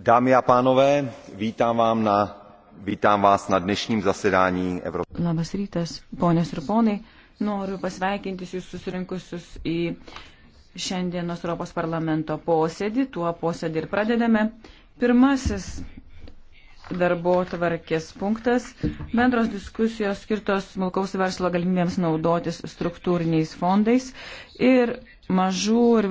Dámy a pánové, vítám, na, vítám vás na dnešním zasedání Evropos. Labas rytas, ponios ir ponai. Noriu pasveikinti jūs susirinkusius į šiandienos Europos parlamento posėdį. Tuo posėdį ir pradedame. Pirmasis darbo tvarkės punktas - bendros diskusijos skirtos smulkaus verslo galimybėms naudotis struktūriniais fondais ir mažų ir